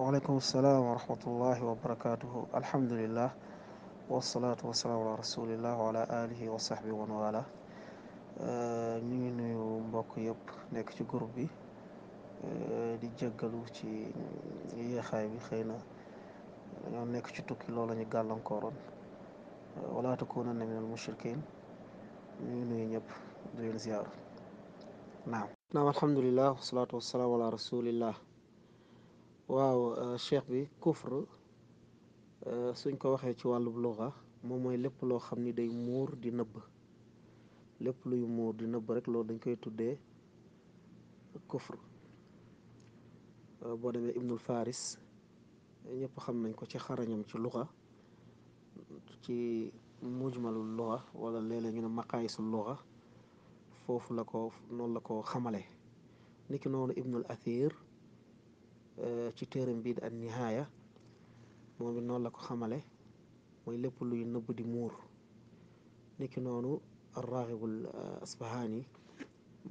waaleykum salaam wa rahmatullahi wa barakaatuhu alhamdulillah wasalaatu wasalaamu ala rasulillah wa ala alihi wa sahbi wa wala euh, ñu ngi nuyu mbokk yëpp nekk ci groupe bi euh, di jéggalu ci yéexaay bi xëy na dañoo nekk ci tukki loolu lañu gàllankooroon euh, wala takunanna minal mushrikin ñu ngi nuyu ñëpp di leen ziar naam naam alhamdulillah wasalaatu wasalaamu ala rasulillah waaw cheikh bi kufr suñ ko waxee ci wàllub luxa moom mooy lépp loo xam ni day muur di nëbb lépp luy muur di nëbb rek loolu dañ koy tuddee kufr boo demee ibnul faris ñëpp xam nañ ko ci xarañam ci luxa ci mujmalul luxa wala léeg-léeg ñu ne maqaayisul luxa foofu la ko noonu la ko xamale niki noonu ibnul athir Euh, ci téeram bii di an nihaaya moom it noonu la ko xamale mooy lépp luy nëbb di muur niki noonu arraxibul euh, asbahaani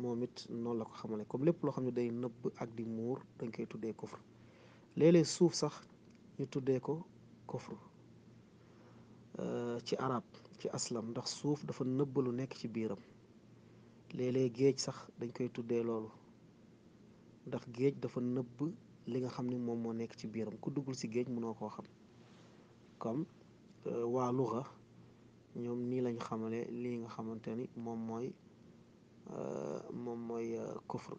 moom it noonu la ko xamale comme lépp loo xam ne day nëbb ak di muur dañ koy tuddee kufr léelée suuf sax ñu tuddee ko kufr euh, ci arab ci aslam ndax suuf dafa nëbb lu nekk ci biiram léelée géej sax dañ koy tuddee loolu ndax géej dafa nëbb li nga xam ne moom moo nekk ci biiram ku duggul si géej mënoo koo xam comme waa luxa ñoom nii lañ xamale lii nga xamante ni moom mooy moom mooy kufr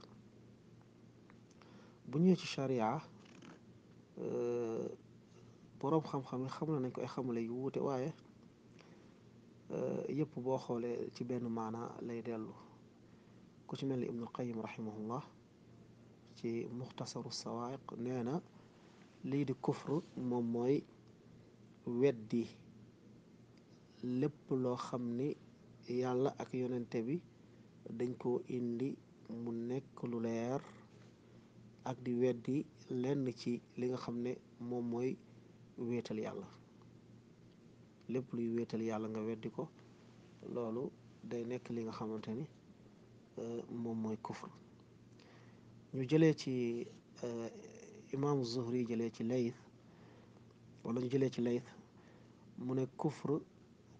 bu ñëwee ci charia borom xam-xam yi xamale nañ ko ay xamale yu wuute waaye yëpp boo xoolee ci benn maana lay dellu ku ci mel ni ibnul qayim rahimahullah ci muxtasaru sawaiq nee na leydi kufre moom mooy weddi lépp loo xam ni yàlla ak yonente bi dañ koo indi mu nekk lu leer ak di weddi lenn ci li nga xam ne moom mooy wéetal yàlla lépp luy wéetal yàlla nga weddi ko loolu day nekk li nga xamante ni euh, moom mooy kufre ñu jëlee ci imaamu zuhri jëlee ci layth wala ñu jëlee ci layth mu ne kufr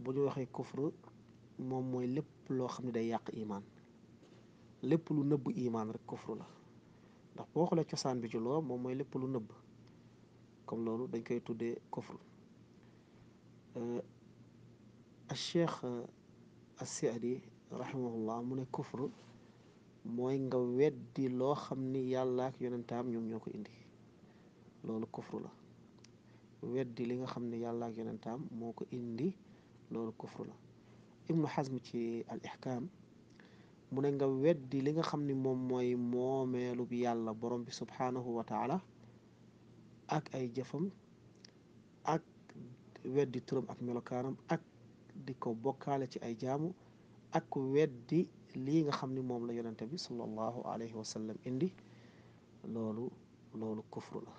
bu ñu waxee kufr moom mooy lépp loo xam ne day yàq imaan lépp lu nëbb imaan rek kufr la ndax boo xoolee cosaan bi ci loo moom mooy lépp lu nëbb comme loolu dañ koy tuddee kufr al cheikh as saadi rahimahullah mu ne kufr mooy nga weddi loo xam ni yàlla ak yonentaam ñoom ñoo ko indi loolu kufru la weddi li nga xam ne yàlla ak yonentaam moo ko indi loolu kufru la ibnu ci al mu ne nga weddi li nga xam ni moom mooy moomeelu yàlla borom bi subhaanahu wa taala ak ay jëfam ak weddi turam ak melokaanam ak di ko bokkaale ci ay jaamu ak weddi lii nga xam ni moom la yonente bi sallallahu alayhi wa indi loolu loolu kufru la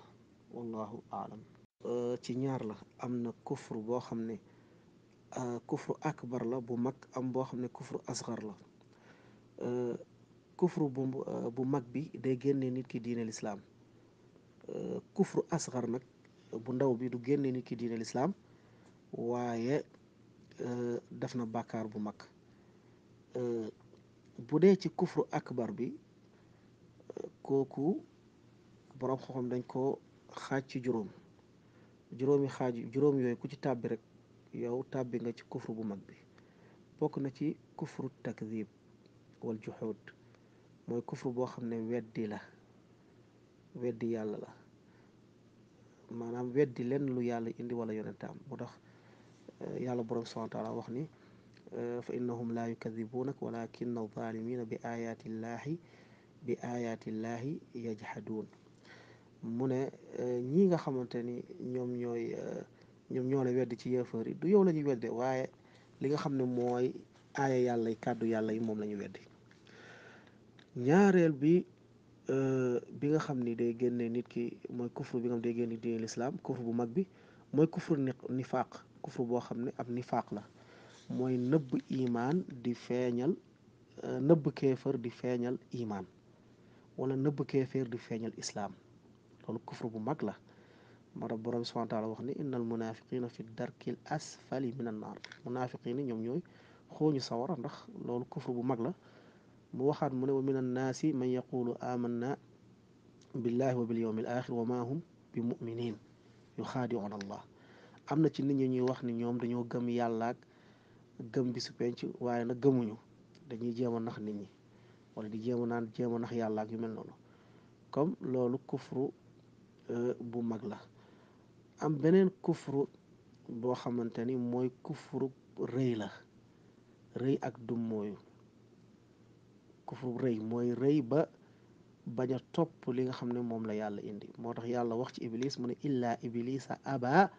wallahu aalam euh, ci ñaar la am na kufru boo xam ne euh, kufru akbar la bu mag am boo xam ne kufru asgar la euh, kufru bu mag bi day génne nit ki diine islaam kufru asgar nag bu ndaw bi du génne nit ki diine lislaam waaye def na bàkkaar bu mag bu dee ci kufru akbar bi kooku borom xoxam dañ koo xaaj ci juróom juróomi xaaj juróom yooyu ku ci tàbbi rek yow tàbbi nga ci kufru bu mag bi bokk na ci kufru takdib wal juxuud mooy kufru boo xam ne weddi la weddi yàlla la maanaam weddi lenn lu yàlla indi wala yonentaam moo tax eh, yàlla borom subhaanahu wa wax ni fa innahum laa yukadibuunak walakin alzalimina bi ayatillahi bi ayatillahi yajhaduun mu ne eh, ñii nga xamante ni ñoom ñooy eh, ñoom ñoo la wedd ci yéefar yi du yow la ñuy wedde waaye li nga xam ne mooy aaya yàlla yi kàddu yàlla yi moom la ñu ñaareel bi eh, bi nga xam ni day génne nit ki mooy kufru bi nga xam day génne diine lislaam kufru bu mag bi mooy kufru nifaaq kufru boo xam ne ab nifaaq la mooy nëbb imaan di feeñal euh, nëbb kéefër di feeñal imaan walla nëbb kéefër di feeñal islaam loolu kufru bu mag la moo tax borom subhana taala wax ni innal munafiqina fi darkil asfali minan naar munafiqina ñoom ñooy xooñu sawara ndax loolu kufru bu mag la mu waxaat mu ne wa minan naasi man yaqulu amanna billahi wa bil yawmil axir wa ma hum bi muminin yuxaadiuuna allah am na ci nit ñi ñuy wax ni ñoom dañoo gëm yàlla gëm bi su penc waaye nag gëmuñu dañuy jéem a nax nit ñi wala di jéem a naan jéem a nax yàlla ak yu mel noonu comme loolu kufru euh, bu mag la am beneen kufru boo xamante ni mooy kufru rëy la rëy ak dum mooyu kufru rëy mooy rëy ba baña top topp li nga xam ne moom la yàlla indi moo tax yàlla wax ci iblis mu ne iblisa aba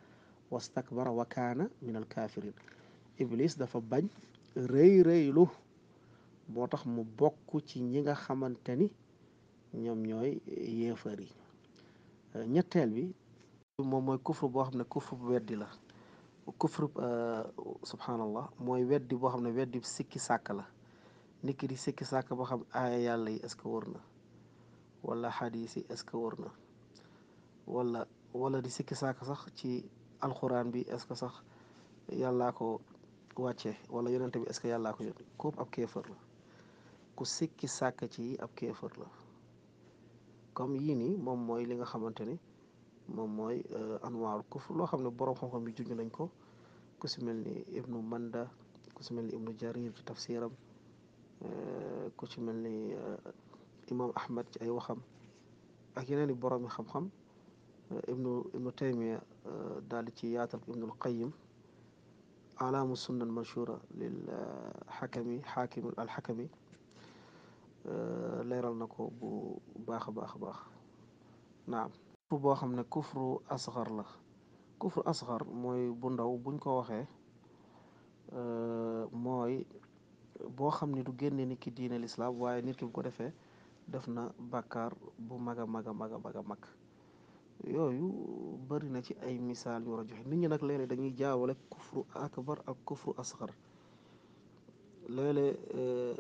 wastakbara wa kaana min alkafirin iblis dafa bañ reey reey lu, motax mu bok ci ñi nga xamanteni ñom ñoy ñooy yi ñettel bi mo moy kufru bo xamne kufru bu weddi la kufru euh, subhanallah moy weddi bo xamne weddi sikki sak la nit di sikki sak bo xam ay yalla yi est-ce worna wala hadisi est-ce worna wala wala di sikki sak sax ci alquran bi est-ce sax yalla ko wàcce wala yonente bi est que yàllaa ko yónni kooku ab kéefër la ku sikki sàkk ci ab kéefër la comme yii nii moom mooy li nga xamante ni moom mooy euh, anwaarul kufr loo xam ne borom xam-xam yi juñu nañ ko ku si mel ni ibnu manda ku si mel ni ibnu jarir ci tafsiram euh, ku ci mel ni euh, imam ahmad ci ay waxam ak yeneen i borom yi xam-xam ibnu ibnu daal ci yaatal ibnul qayim alaamu sunna manshura lil xakami xaakim al xakami leeral na ko bu baax a baax a baax naam kufru boo xam ne kufru asxar la kufru asxar mooy bu ndaw buñ ko waxee mooy boo xam ne du génne nit ki diine lislaam waaye nit bu ko defee def na bàkkaar bu mag a mag a mag a mag yooyu bari na ci ay misaal yu war a joxe nit ñi nag léeg dañuy jaawale kufru akbar ak kufru asxar léeg-léeg euh,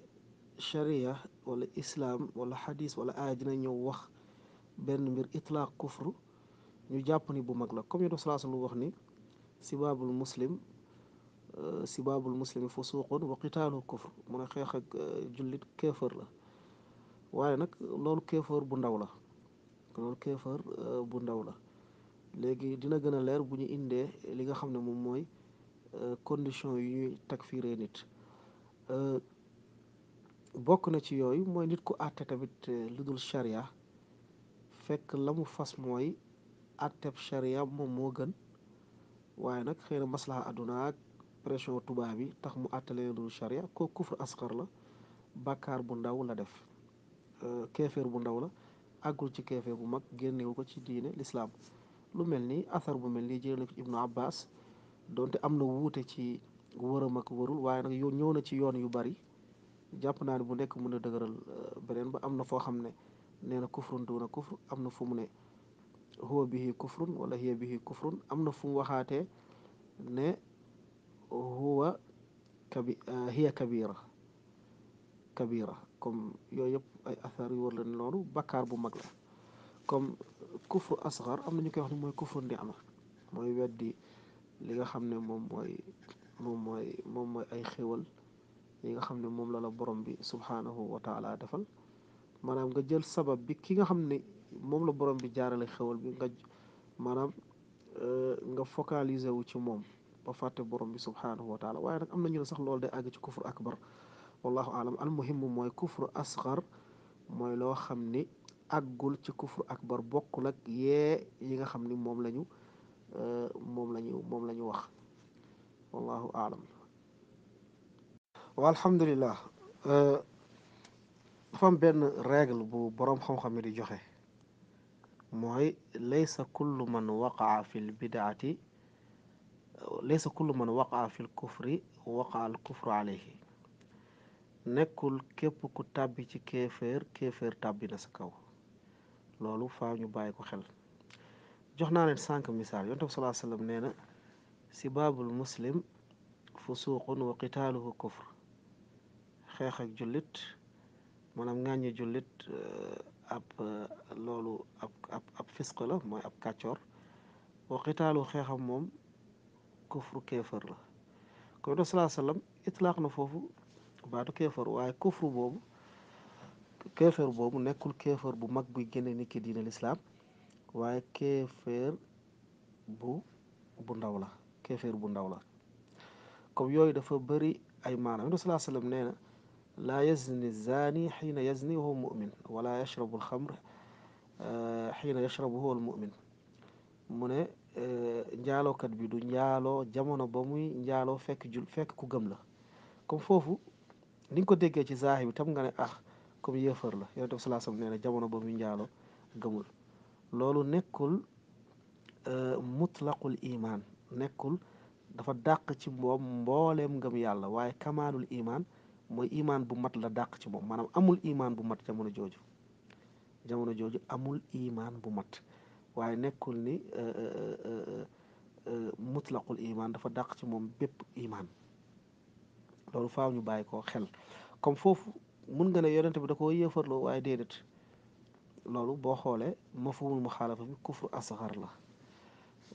sharia wala islaam wala xadis wala aaya dina ñëw wax benn mbir itlaaq kufru ñu jàpp ni bu mag la comme yonent sallallahu alayhi wasallam wax ni sibaabul muslim euh, sibaabul muslimi fusuuqun wa qitaalu kufr mu ne xeex ak euh, jullit kéefër la waaye nag loolu kéefër bu ndaw la loolu keefar euh, bu ndaw la léegi dina gën a leer bu ñu indee li nga xam ne moom mooy euh, condition yu ñuy takfiree nit euh, bokk na ci yooyu mooy nit ku àtte tamit lu dul charia fekk la mu fas mooy àtteb charia moom moo gën waaye nag xëy na maslaha àdduna ak pression tubaab bi tax mu àtte leen lu dul charia ko kufr askar la bàkkaar bu ndaw la def keefeer bu ndaw la àggul ci keefee bu mag génnewu ko ci diine lislaam lu mel ni athar bu mel ni jëlee na ko ci ibnu abbas donte am na wuute ci wëram ak wërul waaye nag yoon ñëw na ci yoon yu bari jàpp naa ne bu nekk mën a dëgëral euh, beneen ba am na foo xam ne nee na kufrun duuna kufr am na fu mu ne huwa bihi kufrun wala am na fu mu waxaatee ne huwa euh, hiya kabira kabira comme yooyu yëpp ay affaires yu war leen loolu bakaar bu mag la comme kufur asxar am na ñu koy wax ne mooy kufur ndi ama mooy weddi li nga xam ne moom mooy moom mooy moom mooy ay xewal yi nga xam ne moom la la borom bi subhaanahu wa defal maanaam nga jël sabab bi ki nga xam ne moom la borom bi jaarale xewal bi nga maanaam euh, nga focaliser wu ci moom ba fàtte borom bi subhaanahu wa taala waaye nag am na ñu ne sax loolu day àgg ci kufur akbar والله أعلم المهم موي الكفر أصغر موي لو خمني أقول تي كفر أكبر بوك لك يي خمني موم لا نيو آه، موم والله أعلم والحمد لله آه، فام بن ريغل بو بروم خم خم دي جوخي ليس كل من وقع في البدعة ليس كل من وقع في الكفر وقع الكفر عليه nekkul képp ku tàbbi ci kéeféer kéeféer tàbbi na sa kaw loolu faa ñu bàyyi ko xel jox naa leen sànq misaal yonte bi salaa sallam nee na si baabul muslim fusuuqun wa qitaaluhu kufr xeex ak jullit maanaam ŋàññi jullit ab loolu ab ab ab fisq la mooy ab kàccoor wa qitaalu xeexam moom kufru kéefër la ko yonte bi salaa sallam itlaaq na foofu baatu kéefar waaye kufru boobu kéefar boobu nekkul kéefar bu mag buy génne nit ki diine lislaam waaye kéefar bu bu ndaw la kéefar bu ndaw la comme yooyu dafa bëri ay maanaam yonent salaa sallam nee na laa yazni zaani xiina yazni wa huwa mumin wala yashrabu alxamr xiina eh, yashrabu huwa almumin mu ne eh, njaalookat bi du njaaloo jamono ba muy njaaloo fekk jul ku gëm la foofu ni ko déggee ci zaaxi bi tam nga ne ah comme yéefar la yonent bi salaa sallam nee jamono boobu mu njaalo gëmul loolu nekkul euh, mutlaqul imaan nekkul dafa dàq ci moom mbooleem ngëm yàlla waaye kamaalul imaan mooy iman bu mat la dàq ci moom maanaam amul iman bu mat jamono jooju jamono jooju amul iman bu mat waaye nekkul ni euh, euh, mutlaqul imaan dafa dàq ci moom bépp imaan loolu faaw ñu bàyyi ko xel comme foofu mun nga ne yonent bi da koo yéefarloo waaye déedéet loolu boo xoolee mafhumul muxaalafa bi kufru asxar la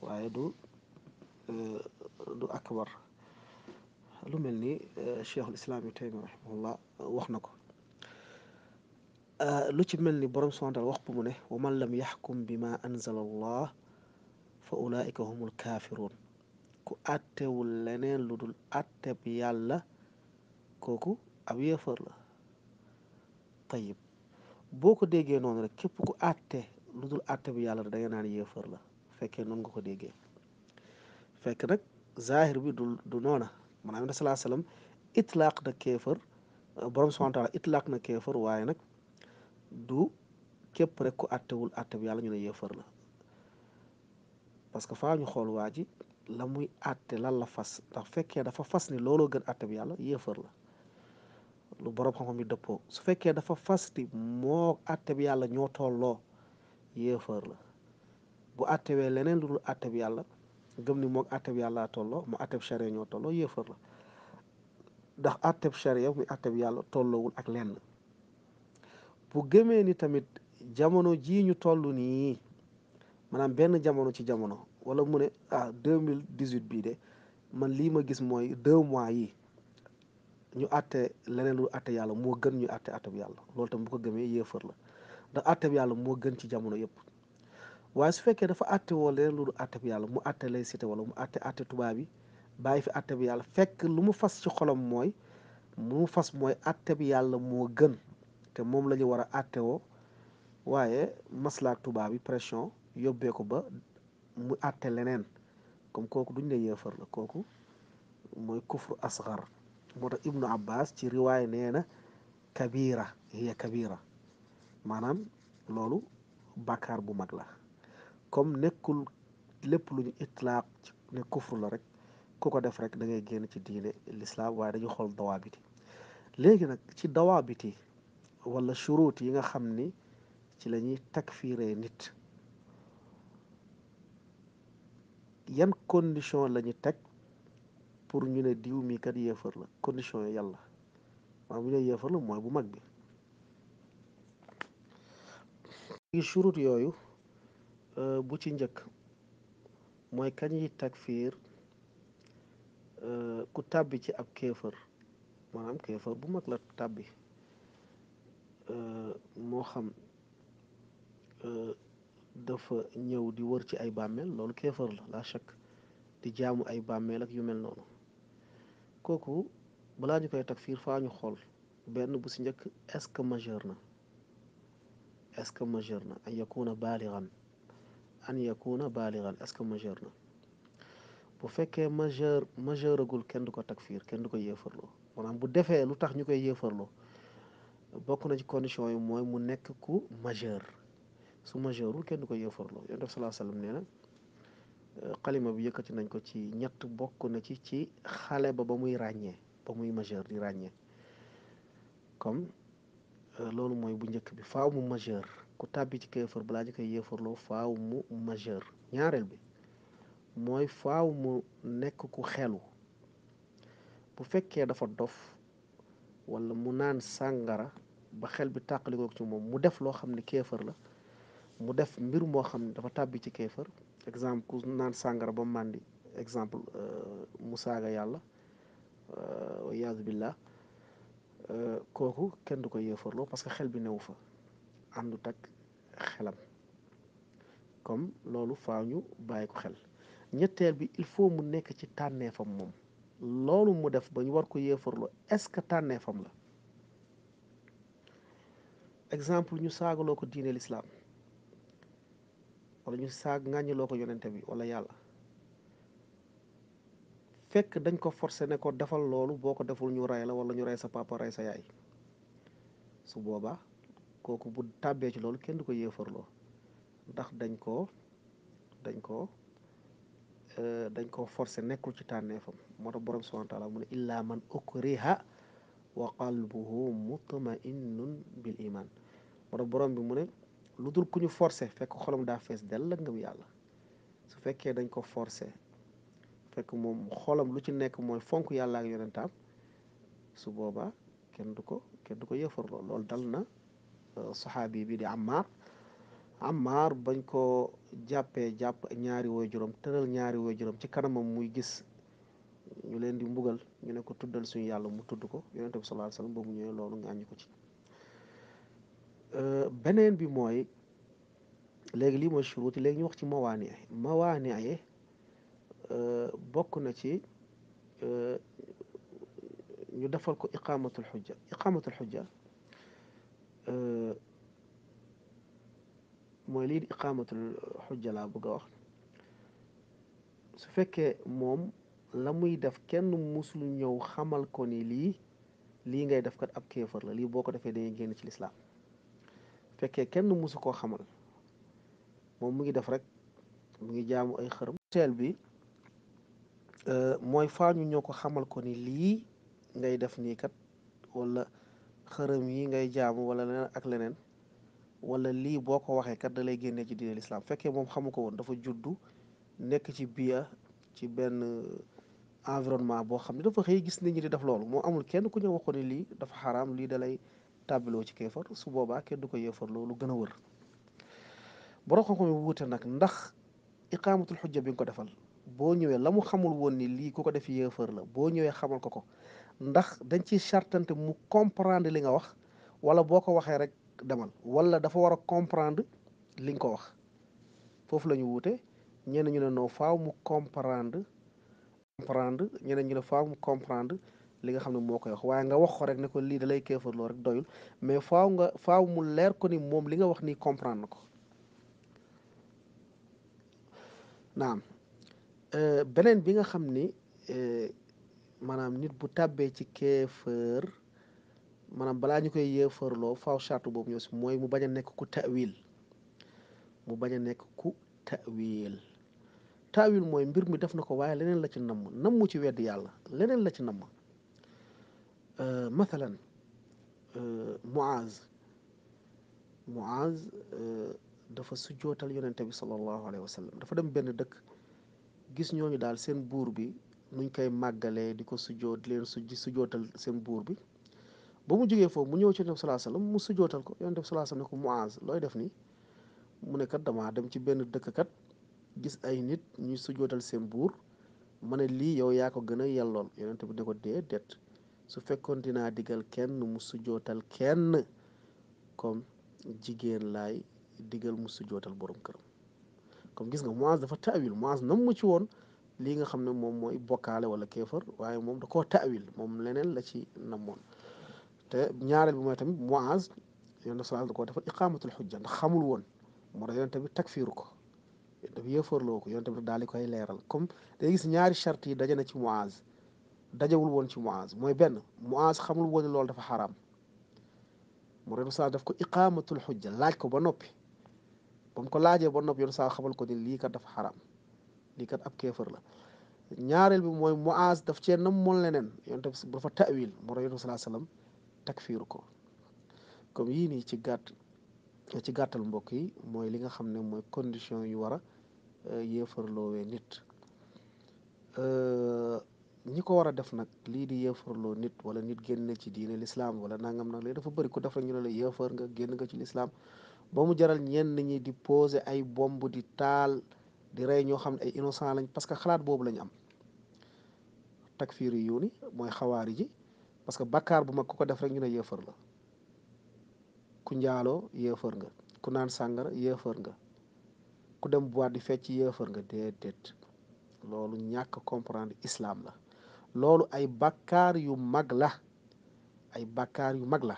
waaye du euh, du akbar lu mel ni euh, cheikhul islam yu taymi rahimahullah wax na ko euh, lu ci mel ni borom sontal wax bu mu ne wa man lam yaxkum bi ma anzala allah fa ulaika humul kaafiruun ku àttewul leneen lu dul àtteb yàlla kooku ab yéefar la tayib boo ko déggee noonu rek képp ku àtte lu dul àtte bi yàlla da nga naan yéefar fekkee noonu nga ko déggee fekk nag zahir bi du du noona maanaam ne salaa salaam itlaaq na kéefar borom subhaana taala na kéefar waaye nag du képp rek ku àttewul àtte bi yàlla ñu ne yéefar la parce que faa ñu xool waa ji la muy àtte lan la fas ndax fekkee dafa fas ni looloo gën àtte bi yàlla yéefar la lu borom xam-xam yi dëppoo su fekkee dafa fasti moo àtte yàlla ñoo tolloo yéefar la bu àttewee leneen lu dul àtte yàlla gëm ni moog àtte bi yàlla tolloo mu àtte bi ñoo tolloo yéefar la ndax àtte bi charia muy àtte bi yàlla tolloowul ak lenn bu gëmee ni tamit jamono jii ñu toll nii maanaam benn jamono ci jamono wala mu ne ah deux mille dix huit bii de man lii ma gis mooy deux mois yi ñu atte leneen lu atte yàlla moo gën ñu atte atte bi yàlla loolu ko gëmee yéefar la ndax atte bi yàlla moo gën ci jamono yëpp waaye su fekkee dafa atte woo leneen lu atte bi yàlla mu atte lay cité wala mu atte atte tubaab bi bàyyi fi atte bi yàlla fekk lu mu fas ci xolam mooy lu mu fas mooy atte bi yàlla moo gën te moom la ñu war a atte woo waaye maslaak tubaab bi pression yóbbee ko ba mu atte leneen comme kooku duñ ne yéefar la kooku mooy kufru asgar moo tax ibnu abbas ci riwaay nee na kabira hiya kabira maanaam loolu bàkkaar bu mag la comme nekkul lépp lu ñu itlaaq ci ne kufru la rek ku ko def rek da ngay génn ci diine lislaam waaye dañu xool dawaabiti léegi nag ci dawaabiti wala shuruut yi nga xam ni ci la ñuy takfiree nit yan condition la ñu teg pour ñu ne diw mii kat yéefar la condition yi yàlla maanaam ñu ne yéefar la mooy bu mag bi léegi yooyu euh, bu ci njëkk mooy kañ yi takfiir euh, ku tàbbi ci ab kéefër maanaam kéefër bu mag la tàbbi euh, moo xam dafa ñëw di wër ci ay bàmmeel loolu kéefër la la chak di jaamu ay bàmmeel ak yu mel noonu kooku balaa ñu koy takfiir faa ñu xool benn bu si njëkk est ce que majeur na est ce que majeur na an yakuna baaligan an yakuna baaligan est ce que majeur na bu fekkee majeur majeuragul kenn du ko takfiir kenn du ko yéefarloo maanaam bu defee lu tax ñu koy yéefarloo bokk na ci condition yi mooy mu nekk ku majeur su majeurul kenn du ko yéefarloo yonent bi sallallahu alayhi wa sallam xalima bi yëkkati nañ ko ci ñett bokk na ci ci xale ba ba muy ràññee ba muy majeur di ràññee comme euh, loolu mooy bu njëkk bi faaw mu majeur ku tàbbi ci kéefër balaa ji koy yéefarloo faaw mu majeur ñaareel bi mooy faaw mu nekk ku xelu bu fekkee dafa dof walla mu naan sàngara ba xel bi tàqalikoo ci moom mu def loo xam ne kéefër la mu def mbir moo xam ne dafa tàbbi ci kéefër exemple ku naan sàngara ba màndi exemple euh, mu saaga yàlla euh, wayasu billah euh, kooku kenn du ko yéefarloo parce que xel bi newu fa àndu ak xelam comme loolu faaw ñu bàyyi ko xel ñetteel bi il faut mu nekk ci tànneefam moom loolu mu def ba ñu war ko yéefarloo est-ce que tànneefam la exemple ñu saagaloo ko diine lislaam wala ñu saag ŋàññiloo ko yonente bi wala yàlla fekk dañ ko forcé ne ko defal loolu boo ko deful ñu ray la wala ñu ray sa papa ray sa yaay su boobaa kooku bu tàbbee ci loolu kenn du ko yéefarloo ndax dañ ko dañ ko euh, dañ ko forcé nekkul ci tànneefam moo tax borom subhana taala mu ne illaa man ukriha wa qalbuhu mutmainnun bil iman moo tax borom bi mu ne lu dul ku ñu forcé fekk xolam daa fees dell ak ngëm yàlla su fekkee dañ ko forcé fekk moom xolam lu ci nekk mooy fonk yàlla ak yonentaam su boobaa kenn du ko kenn du ko yëfarloo loolu dal na euh, saxaabi bi di Ammar Ammar bañ ko jàppee jàpp ñaari waajuram tëral ñaari woy waajuram ci kanamam muy gis ñu leen di mbugal ñu ne tuddal suñu yàlla mu tudd ko yonente bi sallallahu alayhi wasallam ba mu ñëwee loolu ngaañu ko ci beneen bi mooy léegi lii mooy churuut yi léegi ñu wax ci mawaane mawaane yi bokk na ci ñu defal ko iqaamatul xujja iqaamatul xujja mooy lii di iqaamatul xujja laa bëgg a wax su fekkee moom la muy def kenn musul ñëw xamal ko ni lii lii ngay def kat ab kéefar la lii boo ko defee dañuy génn ci lislaam fekkee kenn mosu koo xamal moom mu ngi def rek mu ngi jaamu ay xërëm teel bi euh, mooy faañu ñoo ko xamal ko ni lii ngay def nii kat wala xërëm yi ngay jaamu wala leneen ak leneen walla lii boo ko waxee kat da lay génnee ci diine lislaam fekkee moom xamu ko woon dafa juddu nekk ci biya ci benn euh, environnement boo xam ne dafa xëy gis nit ñi di def loolu moo amul kenn ku ñëw wax ko ni lii dafa xaram lii da tàbbiloo ci kéefar su boobaa kenn du ko yéefar loolu gën a wër borom xam-xam yi wuute nag ndax iqaamatul xujja bi nga ko defal boo ñëwee la mu xamul woon ni lii ko ko def yéefar la boo ñëwee xamal ko ko ndax dañ ci chartante mu comprendre li nga wax wala boo ko waxee rek demal wala dafa war a comprendre li nga ko wax foofu la ñu wuute ñenn ñu ne noo faaw mu comprendre comprendre ñeneen ñu faaw mu comprendre li nga xam ne moo koy wax waaye nga wax ko rek ne ko lii da lay kéefarloo rek doyul mais faaw nga faaw mu leer ko ni moom li nga wax nii comprendre ko naam euh, beneen bi nga xam ni euh, maanaam nit bu tàbbee ci kéefër maanaam balaa ñu koy yéefarloo faaw charte boobu ñëw si mooy mu bañ a nekk ku tawil mu bañ a nekk ku tawil tawil mooy mbir mi def na ko waaye leneen la ci namm namm ci wedd yàlla leneen la ci namm مثلا Muaz Muaz dafa sujjootal yonente bi sallallahu alayhi wa sallam dafa dem benn dëkk gis ñooñu daal seen buur bi nuñ koy màggalee di ko sujjoo di leen suj sujjootal seen buur bi ba mu jógee foofu mu ñëw ci ne bi sallallahu alayhi wa sallam mu sujjootal ko yonente bi sallallahu alayhi wa looy def nii mu nekkat kat damaa dem ci benn dëkk kat gis ay nit ñuy sujjootal seen buur ma ne lii yow yaa ko gën a yellool yonente bi ne ko déedéet su fekkoon dinaa digal kenn mu sujootal kenn comme jigéen laay digal mu sujootal borom këram comme gis nga Muaz dafa taawil Muaz nam mu ci woon lii nga xam ne moom mooy bokkaale wala kefar waaye moom da koo taawil moom leneen la ci namoon te ñaareel bi mooy tamit Muaz yonent sallallahu alayhi da koo defal iqaamatul xujja ndax xamul woon moo tax yonent bi takfiiru ko yonent bi yëfarloo ko yonent bi daal di koy leeral comme day gis ñaari charte yi daje na ci Muaz dajewul woon ci Muaz mooy benn Muaz xamul woon loolu dafa xaram mu ren saa daf ko iqaamatul xujja laaj ko ba noppi ba mu ko laajee ba noppi yoon saa xamal ko ni lii kat dafa xaram lii kat ab keefar la ñaareel bi mooy Muaz daf cee nam moon leneen yoon tam dafa tawil mu ren salaa salaam takfiir ko comme yii nii ci gàtt ci gàttal mbokk yi mooy li nga xam ne mooy condition yu war a euh, yéefarloowee nit. Euh, ñi ko war a def nag lii di yéefarloo nit wala nit génn ci diine lislaam wala nangam nag léegi dafa bari ku def rek ñu ne la yéefar nga génn nga ci lislaam ba mu jaral ñenn ñi di poser ay bomb di taal di rey ñoo xam ne ay innocent lañ parce que xalaat boobu lañu am takfiir yi yuuni mooy xawaari ji parce que bakkaar bu mag ku ko def rek ñu ne la ku njaaloo yéefar nga ku naan sàngara yéefar nga ku dem boîte di fecc yéefar nga déedéet loolu ñàkk comprendre islaam la loolu ay bakkaar yu mag la ay bakkaar yu mag la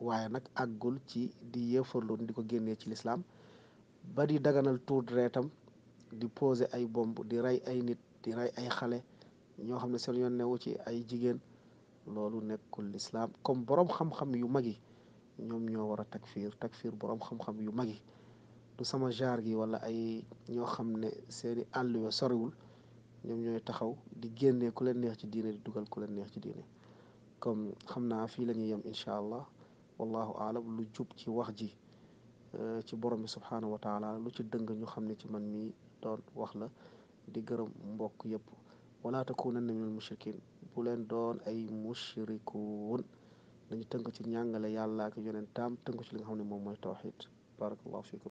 waaye nag àggul ci di yéefarloon di ko génnee ci lislaam ba di daganal tuur deretam di posé ay bomb di rey ay nit di rey ay xale ñoo xam ne seen newu ci ay jigéen loolu nekkul lislaam comme boroom xam yu mag yi ñoom ñoo war a takfiir takfiir boroom xam-xam yu mag yi du sama jaar gi wala ay ñoo xam ne seeni àll soriwul ñoom ñooy taxaw di génnee ku leen neex ci diine di dugal ku leen neex ci diine comme xam naa fii la ñuy yem incha allah wallahu aalam lu jub ci wax ji euh, ci borom bi subhaanahu wa taala lu ci dëng ñu xam ne ci man mii doon wax la di gërëm mbokk yépp walaata yëpp wala takunanna minal mushrikin bu leen doon ay mushrikuun dañu tënk ci njàngale yàlla ak tam tënk ci li nga xam ne moom mooy tawxid barakallahu fikum